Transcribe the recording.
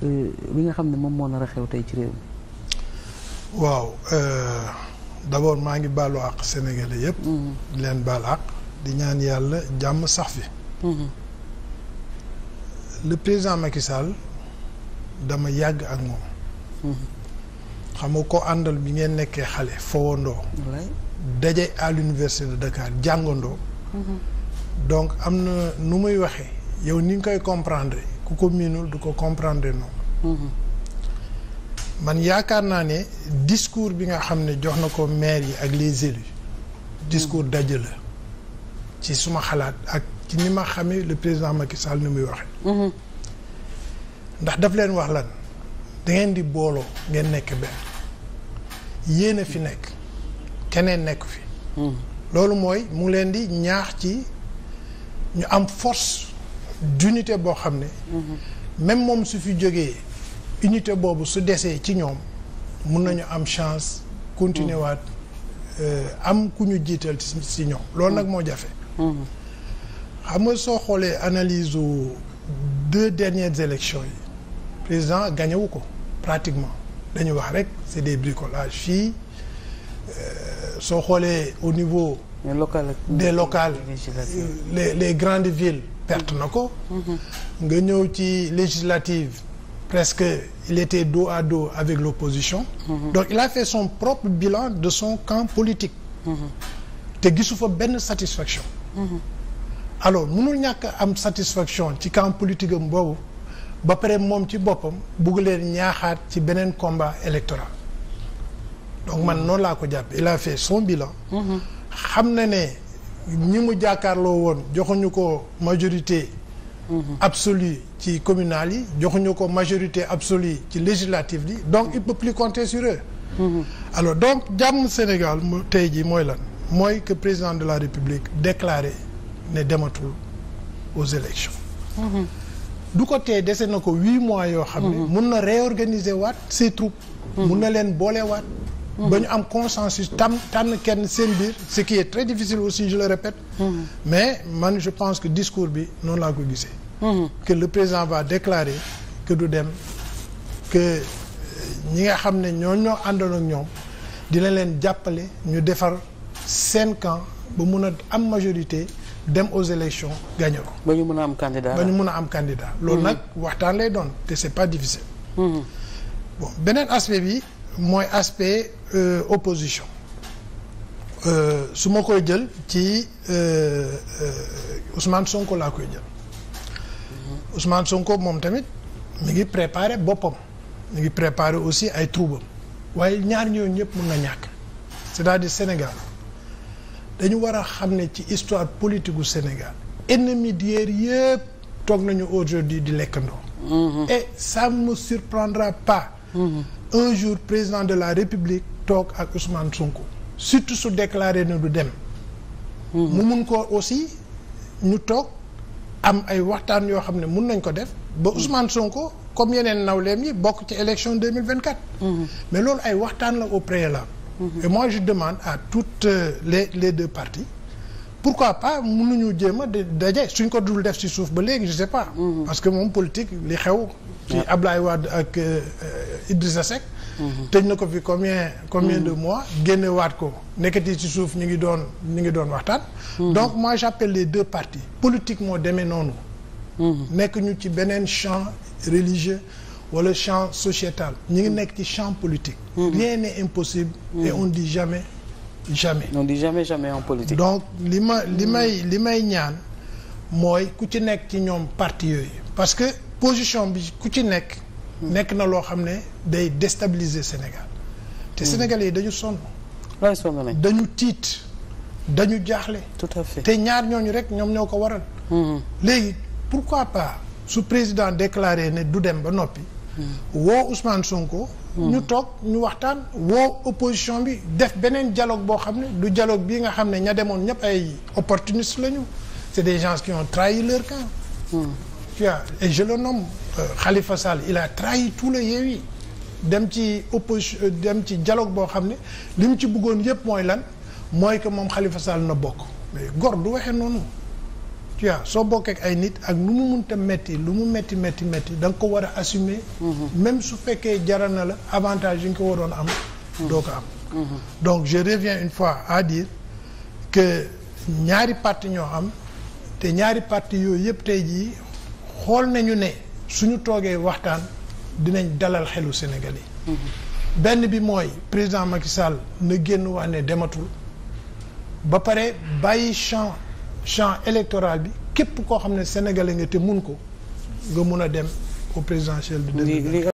bi euh, nga xam ne moom moo nar a xew ci réew mi. waaw euh, d'abord maa ngi baalu àq sénégalais yépp mm-hmm. leen bal ak di ñaan yàlla jàmm sax fi. Mm-hmm. le président Macky Sall dama yàgg ak moom. Mm-hmm. xam nga ko àndal bi ngeen nekkee xale fowandoo. daje à l'université de Dakar jàngandoo. donc am na nu muy waxee yow ni nga koy comprendre. ku ko miinul du ko comprendre noonu. man yaakaar naa ne discours bi nga xam ne jox na ko maire yi ak les élus. discours daje la ci suma xalaat ak ci ni ma xamee le président Macky Sall ni muy waxee. ndax daf leen wax lan da ngeen di booloo ngeen nekk benn yéen a fi nekk keneen nekk fi. Hmm. loolu mooy mu leen di ñaax ci ñu am force. d'unité boo xam ne mhm. même moom su fi jógee unité boobu su desee ci ñoom mun nañu am chance continuer mhm. waat euh, am ku ñu jiital ci ñoom loolu nag mhm. moo jafe xam nga soo xoolee analyse u deux dernières élections yi président gagné ko pratiquement dañuy wax rek c'est des bricolages fii euh, soo xoolee au niveau locales des locales les les grandes villes perte na ko mm-hmm. nga ñëw ci législative presque il était do à dos avec l'opposition mm-hmm. donc il a fait son propre bilan de son camp politique mm-hmm. te gisu fa benn satisfaction alors mënul ñàkk am satisfaction ci camp politique am boobu ba pare moom ci boppam bugg leen ñaaxaat ci beneen combat électoral donc man noonu laa ko jàpp il a fait son bilan xam na ne ñi mu jàkkaarloo woon joxuñu ko majorité mhm. absolue ci communal yi joxuñu ko majorité absolue ci législative yi donc il peut plus compter sur eux mhm. alors donc jàmm Sénégal mu tey jii mooy lan mooy que président de la République déclaré ne dematul aux élections mhm. du ko tey dese na ko huit mois yoo xam ne mun na réorganiser waat ses troupes mun na leen boolewaat ba ñu am consensus tam tànn kenn seen biir ce qui est très difficile aussi je le répète mm-hmm. mais man je pense que discours bi noonu laa ko gisee ke mm-hmm. le président va déclarer que du dem que euh, ñi nga xam ne ñoo ñoo àndoon ak ñoom dina leen jàppale ñu defar seen camp ba mun a am majorité dem aux élections gagné ko. ba ñu mën a am candidat ba ñu mën a am candidat. loolu mm-hmm. nag waxtaan lay doon te c'est pas difficile. beneen aspect bi mooy aspect euh, opposition euh, su ma koy jël ci euh, euh, Ousmane Sonko laa koy jël Ousmane Sonko moom tamit mi ngi préparé boppam mi ngi préparer aussi ay troubam waaye ñaar ñooñu ñëpp mën na ñàkk c'est-à-dire Sénégal dañu war a xam ne ci histoire politique bu Sénégal ennemi d'hier yëpp toog nañu aujourd'hui di lekkandoo. Mm-hmm. et ça ne surprendra pas. Mm-hmm. un jour président de la république toog ak Ousmane Sonko surtout su déclaré ne du dem hmm. mu mun koo aussi ñu toog am ay waxtaan yoo xam ne mun nañ ko def ba hmm. Ousmane Sonko comme yeneen nawleem yi bokk ci élection 2024 hmm. mais loolu ay waxtaan la au préalable et moi je demande à toutes euh, les les deux parties pourquoi pas mënuñu jéem a daje suñ ko dul def ci suuf ba léegi je sais pas parce que moom politique li xew ci Ablaye Wade ak euh, euh, Idrissa sec mhm. tëj na ko fi combien combien de mhm. mois génne waat ko nekkati ci suuf ñu ngi doon ñu ngi doon waxtaan mhm. donc moi j'appelle les deux parties politique moo demee noonu nekk ñu ci beneen champ religieux wala champ sociétal ñu ngi nekk ci champ politique rien n'est impossible et on di jamais jamais on dit jamais jamais en politique donc li ma li may li may ñaan mooy ku ci nekk ci ñoom parti yooyu parce que position bi ku ci nekk. nekk na loo xam ne day déstabiliser Sénégal. te hmm. sénégal yi dañu sonn. waay sonn dañu tiit dañu jaaxle. tout à te ñaar ñooñu rek ñoom ñoo ko waral. Hmm. léegi pour pourquoi pas su président déclaré ne du dem ba noppi. Hmm. woo Ousmane Sonko. ñu toog ñu waxtaan woo opposition bi def beneen dialogue boo xam ne du dialogue bii nga xam ne ña demoon ñëpp ay opportunistes lañu c'est des gens qui ont trahi leur camp. tu as et je le nomme euh, Khalifa Sall il trahi tout le Yewwi dem ci opposition euh, dem ci dialogue boo xam ne li mu ci buggoon yëpp mooy lan mooy que moom xalifa Sall na bokk mais gor du waxee noonu tu soo bokkee ay nit ak lu mu munta metti lu mu metti metti metti danga ko war a assumer mhm. même su fekkee jaral na la avantage yi nga ko waroon am mhm. doo ko am mhm. donc je reviens une fois à dire que ñaari parti ñoo am te ñaari parti yooyu yëpp tey jii xool nañu ne suñu toogee waxtaan dinañ dalal xelu Sénégalais yi. benn bi mooy président Macky Sall na génn wax dematul ba pare bàyyi champ champ électoral bi képp koo xam ne sénégalais nga te mun ko nga mun a dem au présidentiel de 2024